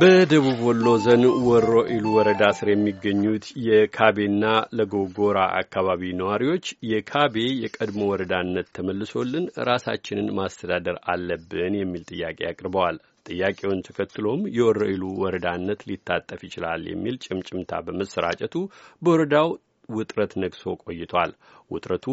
በደቡብ ወሎ ዞን ወሮ ኢሉ ወረዳ ስር የሚገኙት የካቤና ለጎጎራ አካባቢ ነዋሪዎች የካቤ የቀድሞ ወረዳነት ተመልሶልን ራሳችንን ማስተዳደር አለብን የሚል ጥያቄ አቅርበዋል። ጥያቄውን ተከትሎም የወሮ ኢሉ ወረዳነት ሊታጠፍ ይችላል የሚል ጭምጭምታ በመሰራጨቱ በወረዳው ውጥረት ነግሶ ቆይቷል። ውጥረቱ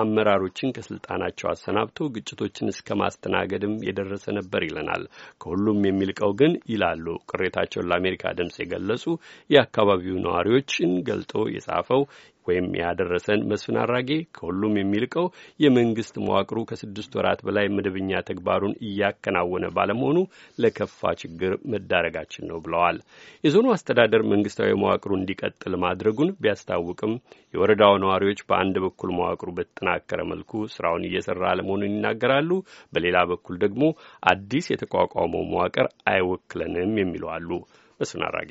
አመራሮችን ከስልጣናቸው አሰናብቶ ግጭቶችን እስከ ማስተናገድም የደረሰ ነበር ይለናል። ከሁሉም የሚልቀው ግን ይላሉ ቅሬታቸውን ለአሜሪካ ድምፅ የገለጹ የአካባቢው ነዋሪዎችን ገልጦ የጻፈው ወይም ያደረሰን መስፍን አራጌ ከሁሉም የሚልቀው የመንግስት መዋቅሩ ከስድስት ወራት በላይ መደበኛ ተግባሩን እያከናወነ ባለመሆኑ ለከፋ ችግር መዳረጋችን ነው ብለዋል። የዞኑ አስተዳደር መንግስታዊ መዋቅሩ እንዲቀጥል ማድረጉን ቢያስታውቅም የወረዳው ነዋሪዎች በአንድ በኩል መዋቅሩ በተጠናከረ መልኩ ስራውን እየሰራ አለመሆኑን ይናገራሉ። በሌላ በኩል ደግሞ አዲስ የተቋቋመው መዋቅር አይወክለንም የሚለዋሉ መስፍን አራጌ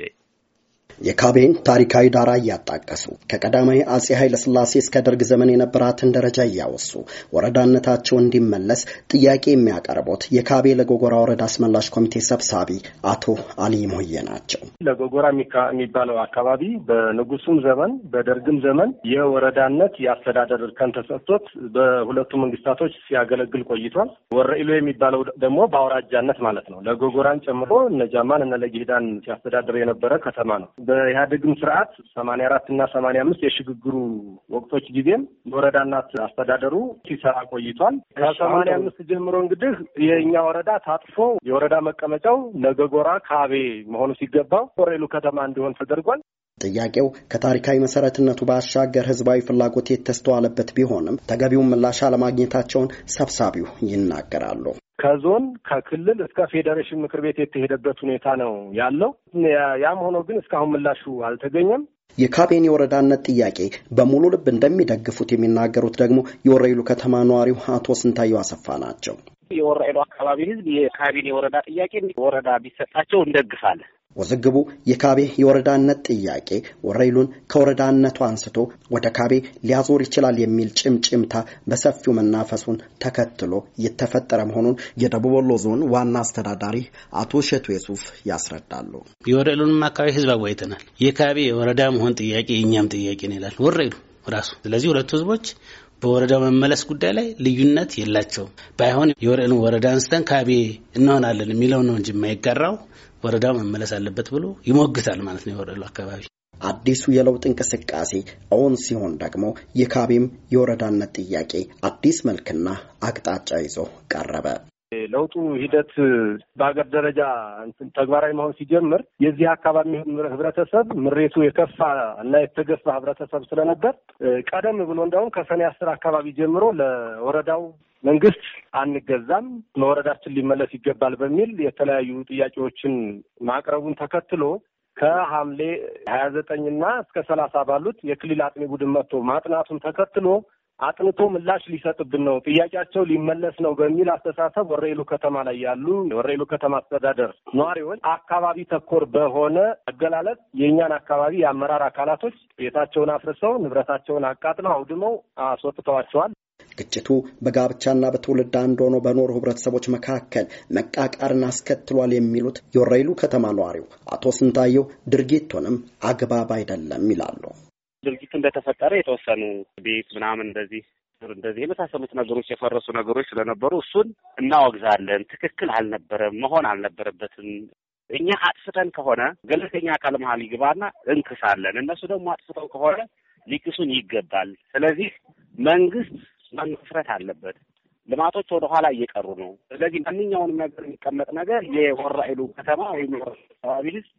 የካቤን ታሪካዊ ዳራ እያጣቀሱ ከቀዳማዊ አጼ ሥላሴ እስከ ደርግ ዘመን የነበራትን ደረጃ እያወሱ ወረዳነታቸው እንዲመለስ ጥያቄ የሚያቀርቡት የካቤ ለጎጎራ ወረዳ አስመላሽ ኮሚቴ ሰብሳቢ አቶ አሊ ሞየ ናቸው። ለጎጎራ የሚባለው አካባቢ በንጉሱም ዘመን በደርግም ዘመን የወረዳነት የአስተዳደር እርከን ተሰጥቶት በሁለቱ መንግስታቶች ሲያገለግል ቆይቷል። ወረኢሎ የሚባለው ደግሞ በአውራጃነት ማለት ነው። ለጎጎራን ጨምሮ እነ ጃማን እነ ሲያስተዳድር የነበረ ከተማ ነው። በኢህአዴግም ስርዓት ሰማኒያ አራት እና ሰማኒያ አምስት የሽግግሩ ወቅቶች ጊዜም የወረዳና አስተዳደሩ ሲሰራ ቆይቷል። ከሰማኒያ አምስት ጀምሮ እንግዲህ የእኛ ወረዳ ታጥፎ የወረዳ መቀመጫው ነገጎራ ካቤ መሆኑ ሲገባው ኮሬሉ ከተማ እንዲሆን ተደርጓል። ጥያቄው ከታሪካዊ መሰረትነቱ ባሻገር ህዝባዊ ፍላጎት የተስተዋለበት ቢሆንም ተገቢውን ምላሽ አለማግኘታቸውን ሰብሳቢው ይናገራሉ። ከዞን ከክልል እስከ ፌዴሬሽን ምክር ቤት የተሄደበት ሁኔታ ነው ያለው። ያም ሆኖ ግን እስካሁን ምላሹ አልተገኘም። የካቤን የወረዳነት ጥያቄ በሙሉ ልብ እንደሚደግፉት የሚናገሩት ደግሞ የወረይሉ ከተማ ነዋሪው አቶ ስንታየው አሰፋ ናቸው። የወረኢሉ አካባቢ ህዝብ የካቢኔ የወረዳ ጥያቄ ወረዳ ቢሰጣቸው እንደግፋለን ውዝግቡ የካቤ የወረዳነት ጥያቄ ወረይሉን ከወረዳነቱ አንስቶ ወደ ካቤ ሊያዞር ይችላል የሚል ጭምጭምታ በሰፊው መናፈሱን ተከትሎ የተፈጠረ መሆኑን የደቡብ ወሎ ዞን ዋና አስተዳዳሪ አቶ እሸቱ የሱፍ ያስረዳሉ። የወረይሉንም አካባቢ ህዝብ አዋይተናል። የካቤ የወረዳ መሆን ጥያቄ የእኛም ጥያቄ ነው ይላል ወረይሉ ራሱ። ስለዚህ ሁለቱ ህዝቦች በወረዳው መመለስ ጉዳይ ላይ ልዩነት የላቸውም። ባይሆን የወረን ወረዳ አንስተን ካቤ እንሆናለን የሚለው ነው እንጂ የማይጋራው ወረዳው መመለስ አለበት ብሎ ይሞግታል ማለት ነው የወረዳው አካባቢ አዲሱ የለውጥ እንቅስቃሴ እውን ሲሆን ደግሞ የካቤም የወረዳነት ጥያቄ አዲስ መልክና አቅጣጫ ይዞ ቀረበ። ለውጡ ሂደት በሀገር ደረጃ ተግባራዊ መሆን ሲጀምር የዚህ አካባቢ ህብረተሰብ ምሬቱ የከፋ እና የተገፋ ህብረተሰብ ስለነበር ቀደም ብሎ እንደውም ከሰኔ አስር አካባቢ ጀምሮ ለወረዳው መንግስት አንገዛም፣ ለወረዳችን ሊመለስ ይገባል በሚል የተለያዩ ጥያቄዎችን ማቅረቡን ተከትሎ ከሐምሌ ሀያ ዘጠኝና እስከ ሰላሳ ባሉት የክልል አጥኚ ቡድን መጥቶ ማጥናቱን ተከትሎ አጥንቶ ምላሽ ሊሰጥብን ነው፣ ጥያቄያቸው ሊመለስ ነው በሚል አስተሳሰብ ወረኢሉ ከተማ ላይ ያሉ የወረኢሉ ከተማ አስተዳደር ነዋሪዎች አካባቢ ተኮር በሆነ አገላለጽ የእኛን አካባቢ የአመራር አካላቶች ቤታቸውን አፍርሰው ንብረታቸውን አቃጥለው አውድመው አስወጥተዋቸዋል። ግጭቱ በጋብቻና በትውልድ አንድ ሆኖ በኖሩ ህብረተሰቦች መካከል መቃቃርን አስከትሏል የሚሉት የወረይሉ ከተማ ነዋሪው አቶ ስንታየው ድርጊቱንም አግባብ አይደለም ይላሉ። ድርጊት እንደተፈጠረ የተወሰኑ ቤት ምናምን እንደዚህ እንደዚህ የመሳሰሉት ነገሮች የፈረሱ ነገሮች ስለነበሩ እሱን እናወግዛለን። ትክክል አልነበረም፣ መሆን አልነበረበትም። እኛ አጥፍተን ከሆነ ገለልተኛ አካል መሀል ይግባና እንክሳለን። እነሱ ደግሞ አጥፍተው ከሆነ ሊክሱን ይገባል። ስለዚህ መንግስት መመስረት አለበት። ልማቶች ወደ ኋላ እየቀሩ ነው። ስለዚህ ማንኛውንም ነገር የሚቀመጥ ነገር የወራይሉ ከተማ ወይም አካባቢ ህዝብ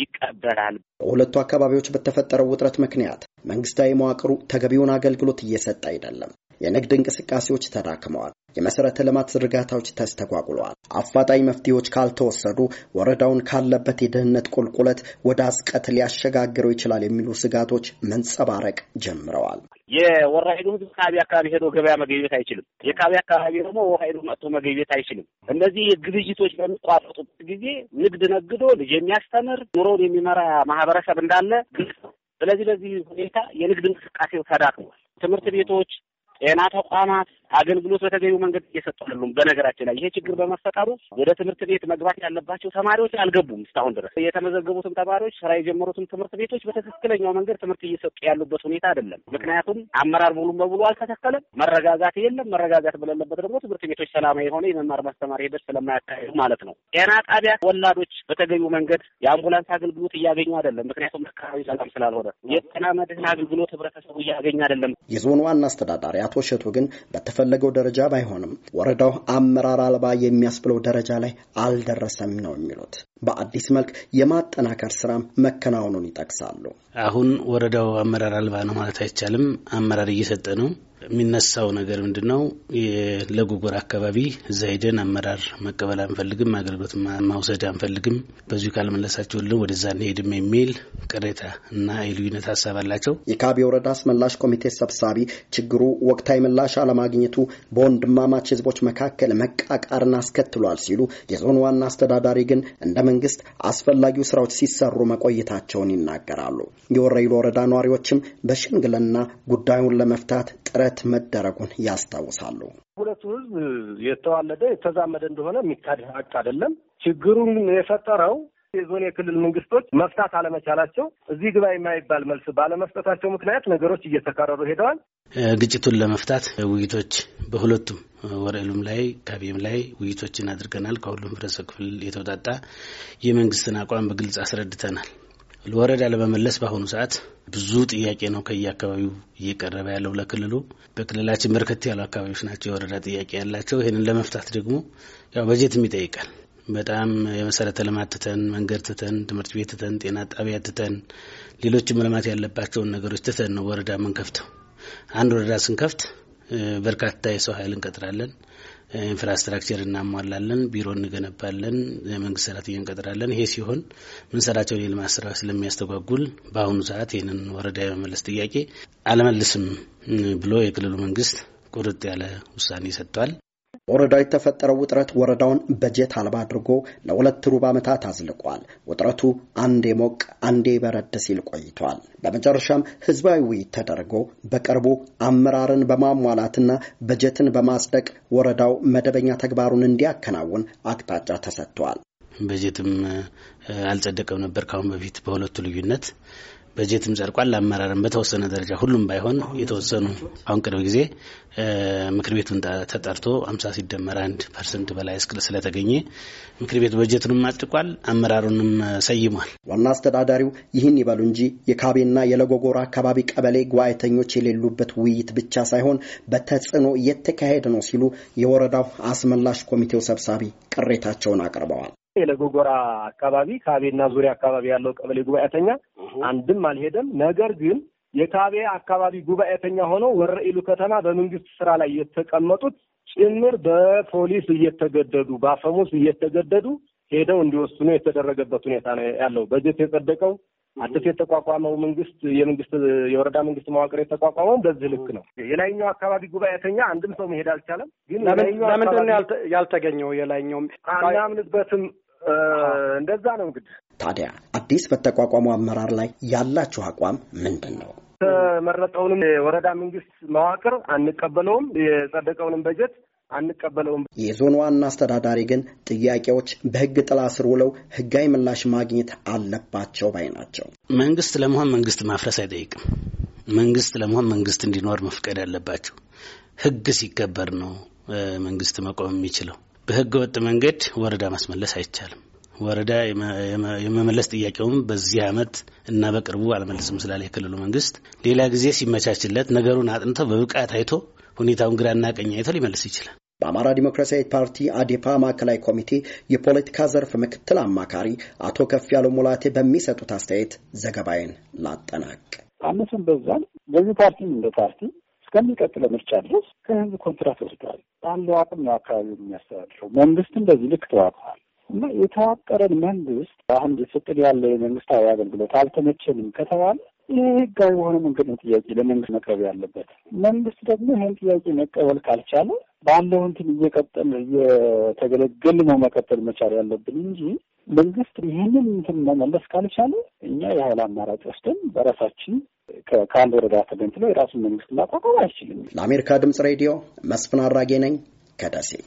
ይቀበላል። በሁለቱ አካባቢዎች በተፈጠረው ውጥረት ምክንያት መንግስታዊ መዋቅሩ ተገቢውን አገልግሎት እየሰጠ አይደለም። የንግድ እንቅስቃሴዎች ተዳክመዋል። የመሰረተ ልማት ዝርጋታዎች ተስተጓጉለዋል። አፋጣኝ መፍትሄዎች ካልተወሰዱ ወረዳውን ካለበት የደህንነት ቁልቁለት ወደ አዝቀት ሊያሸጋግረው ይችላል የሚሉ ስጋቶች መንጸባረቅ ጀምረዋል። የወራይዱ ህዝብ ከአቢ አካባቢ ሄዶ ገበያ መገኘት አይችልም። የካቢ አካባቢ ደግሞ ወራይዱ መጥቶ መገኘት አይችልም። እነዚህ ግብይቶች በሚቋረጡበት ጊዜ ንግድ ነግዶ ልጅ የሚያስተምር ኑሮውን የሚመራ ማህበረሰብ እንዳለ ግልጽ ነው። ስለዚህ በዚህ ሁኔታ የንግድ እንቅስቃሴው ተዳክሟል። ትምህርት ቤቶች፣ ጤና ተቋማት አገልግሎት በተገቢው መንገድ እየሰጡ አይደሉም። በነገራችን ላይ ይሄ ችግር በመፈጠሩ ወደ ትምህርት ቤት መግባት ያለባቸው ተማሪዎች አልገቡም። እስካሁን ድረስ የተመዘገቡትም ተማሪዎች ስራ የጀመሩትም ትምህርት ቤቶች በትክክለኛው መንገድ ትምህርት እየሰጡ ያሉበት ሁኔታ አይደለም። ምክንያቱም አመራር ሙሉ በሙሉ አልተተከለም። መረጋጋት የለም። መረጋጋት በሌለበት ደግሞ ትምህርት ቤቶች ሰላማዊ የሆነ የመማር ማስተማር ሂደት ስለማያካሄዱ ማለት ነው። ጤና ጣቢያ ወላዶች በተገቢው መንገድ የአምቡላንስ አገልግሎት እያገኙ አይደለም። ምክንያቱም አካባቢ ሰላም ስላልሆነ የጤና መድህን አገልግሎት ህብረተሰቡ እያገኘ አይደለም። የዞን ዋና አስተዳዳሪ አቶ እሸቱ ግን በሚፈለገው ደረጃ ባይሆንም ወረዳው አመራር አልባ የሚያስብለው ደረጃ ላይ አልደረሰም ነው የሚሉት። በአዲስ መልክ የማጠናከር ስራም መከናወኑን ይጠቅሳሉ። አሁን ወረዳው አመራር አልባ ነው ማለት አይቻልም። አመራር እየሰጠ ነው። የሚነሳው ነገር ምንድን ነው? ለጎጎር አካባቢ እዛ ሄደን አመራር መቀበል አንፈልግም፣ አገልግሎት ማውሰድ አንፈልግም፣ በዚሁ ካልመለሳችሁልን ወደዛ እንሄድም የሚል ቅሬታ እና የልዩነት ሀሳብ አላቸው። የካቢ ወረዳ አስመላሽ ኮሚቴ ሰብሳቢ ችግሩ ወቅታዊ ምላሽ አለማግኘቱ በወንድማማች ህዝቦች መካከል መቃቃርን አስከትሏል ሲሉ የዞን ዋና አስተዳዳሪ ግን እንደ መንግስት አስፈላጊው ስራዎች ሲሰሩ መቆየታቸውን ይናገራሉ። የወረይሉ ወረዳ ነዋሪዎችም በሽምግልና ጉዳዩን ለመፍታት ጥረት ጥረት መደረጉን ያስታውሳሉ። ሁለቱ ህዝብ የተዋለደ የተዛመደ እንደሆነ የሚካድ ሀቅ አይደለም። ችግሩን የፈጠረው የዞን የክልል መንግስቶች መፍታት አለመቻላቸው እዚህ ግባ የማይባል መልስ ባለመስጠታቸው ምክንያት ነገሮች እየተካረሩ ሄደዋል። ግጭቱን ለመፍታት ውይይቶች በሁለቱም ወረሉም ላይ ካቢም ላይ ውይይቶችን አድርገናል። ከሁሉም ህብረተሰብ ክፍል የተውጣጣ የመንግስትን አቋም በግልጽ አስረድተናል። ወረዳ ለመመለስ በአሁኑ ሰዓት ብዙ ጥያቄ ነው ከየአካባቢው እየቀረበ ያለው ለክልሉ። በክልላችን በርከት ያሉ አካባቢዎች ናቸው የወረዳ ጥያቄ ያላቸው። ይህንን ለመፍታት ደግሞ ያው በጀትም ይጠይቃል። በጣም የመሰረተ ልማት ትተን መንገድ ትተን ትምህርት ቤት ትተን ጤና ጣቢያ ትተን ሌሎችም ልማት ያለባቸውን ነገሮች ትተን ነው ወረዳ ምንከፍተው? አንድ ወረዳ ስንከፍት በርካታ የሰው ኃይል እንቀጥራለን። ኢንፍራስትራክቸር እናሟላለን፣ ቢሮ እንገነባለን፣ መንግስት ሰራተኛ እንቀጥራለን። ይሄ ሲሆን ምንሰራቸውን የልማት ስራ ስለሚያስተጓጉል በአሁኑ ሰዓት ይህንን ወረዳ የመመለስ ጥያቄ አልመልስም ብሎ የክልሉ መንግስት ቁርጥ ያለ ውሳኔ ሰጥቷል። ወረዳው የተፈጠረው ውጥረት ወረዳውን በጀት አልባ አድርጎ ለሁለት ሩብ ዓመታት አዝልቋል። ውጥረቱ አንዴ ሞቅ አንዴ በረድ ሲል ቆይቷል። በመጨረሻም ህዝባዊ ውይይት ተደርጎ በቅርቡ አመራርን በማሟላትና በጀትን በማጽደቅ ወረዳው መደበኛ ተግባሩን እንዲያከናውን አቅጣጫ ተሰጥቷል። በጀትም አልጸደቀም ነበር ከአሁን በፊት በሁለቱ ልዩነት በጀትም ጸድቋል። ለአመራርም በተወሰነ ደረጃ ሁሉም ባይሆን የተወሰኑ አሁን ቅርብ ጊዜ ምክር ቤቱን ተጠርቶ አምሳ ሲደመር አንድ ፐርሰንት በላይ እስክል ስለተገኘ ምክር ቤቱ በጀቱንም አጽድቋል፣ አመራሩንም ሰይሟል። ዋና አስተዳዳሪው ይህን ይበሉ እንጂ የካቤና የለጎጎራ አካባቢ ቀበሌ ጓይተኞች የሌሉበት ውይይት ብቻ ሳይሆን በተጽዕኖ እየተካሄደ ነው ሲሉ የወረዳው አስመላሽ ኮሚቴው ሰብሳቢ ቅሬታቸውን አቅርበዋል። ለጎጎራ አካባቢ ካቤና ዙሪያ አካባቢ ያለው ቀበሌ ጉባኤተኛ አንድም አልሄደም። ነገር ግን የካቤ አካባቢ ጉባኤተኛ ሆነው ወረኢሉ ከተማ በመንግስት ስራ ላይ የተቀመጡት ጭምር በፖሊስ እየተገደዱ በአፈሙስ እየተገደዱ ሄደው እንዲወስኑ የተደረገበት ሁኔታ ነው ያለው። በጀት የጸደቀው አዲስ የተቋቋመው መንግስት የመንግስት የወረዳ መንግስት መዋቅር የተቋቋመው በዚህ ልክ ነው። የላይኛው አካባቢ ጉባኤተኛ አንድም ሰው መሄድ አልቻለም። ግን ለምንድን ነው ያልተገኘው? የላይኛው አናምንበትም እንደዛ ነው እንግዲህ። ታዲያ አዲስ በተቋቋመው አመራር ላይ ያላችሁ አቋም ምንድን ነው? የተመረጠውንም የወረዳ መንግስት መዋቅር አንቀበለውም፣ የጸደቀውንም በጀት አንቀበለውም። የዞን ዋና አስተዳዳሪ ግን ጥያቄዎች በህግ ጥላ ስር ውለው ህጋዊ ምላሽ ማግኘት አለባቸው ባይ ናቸው። መንግስት ለመሆን መንግስት ማፍረስ አይጠይቅም። መንግስት ለመሆን መንግስት እንዲኖር መፍቀድ ያለባቸው ህግ ሲከበር ነው መንግስት መቆም የሚችለው። በህገ ወጥ መንገድ ወረዳ ማስመለስ አይቻልም። ወረዳ የመመለስ ጥያቄውም በዚህ አመት እና በቅርቡ አልመልስም ስላለ የክልሉ መንግስት ሌላ ጊዜ ሲመቻችለት ነገሩን አጥንቶ በብቃት አይቶ ሁኔታውን ግራና ቀኝ አይቶ ሊመልስ ይችላል። በአማራ ዲሞክራሲያዊ ፓርቲ አዴፓ ማዕከላዊ ኮሚቴ የፖለቲካ ዘርፍ ምክትል አማካሪ አቶ ከፍ ያለው ሙላቴ በሚሰጡት አስተያየት ዘገባዬን ላጠናቅ አነስም በዛል በዚህ ፓርቲም እንደ ፓርቲ እስከሚቀጥለው ምርጫ ድረስ ከህዝብ ኮንትራት ወስዷል። ባለው አቅም ነው አካባቢ የሚያስተዳድረው። መንግስትም በዚህ ልክ ተዋቅሯል እና የተዋቀረን መንግስት አሁን እየተሰጠን ያለ የመንግስታዊ አገልግሎት አልተመቸንም ከተባለ ይህ ህጋዊ በሆነ መንገድ ነው ጥያቄ ለመንግስት መቅረብ ያለበት። መንግስት ደግሞ ይህን ጥያቄ መቀበል ካልቻለ ባለው እንትን እየቀጠል እየተገለገል ነው መቀጠል መቻል ያለብን እንጂ መንግስት ይህንን እንትን መመለስ ካልቻለ እኛ የሀይል አማራጭ ወስደን በራሳችን ከአንድ ወረዳ ተገንጥሎ የራሱን መንግስት ማቋቋም አይችልም። ለአሜሪካ ድምጽ ሬዲዮ መስፍን አራጌ ነኝ ከደሴ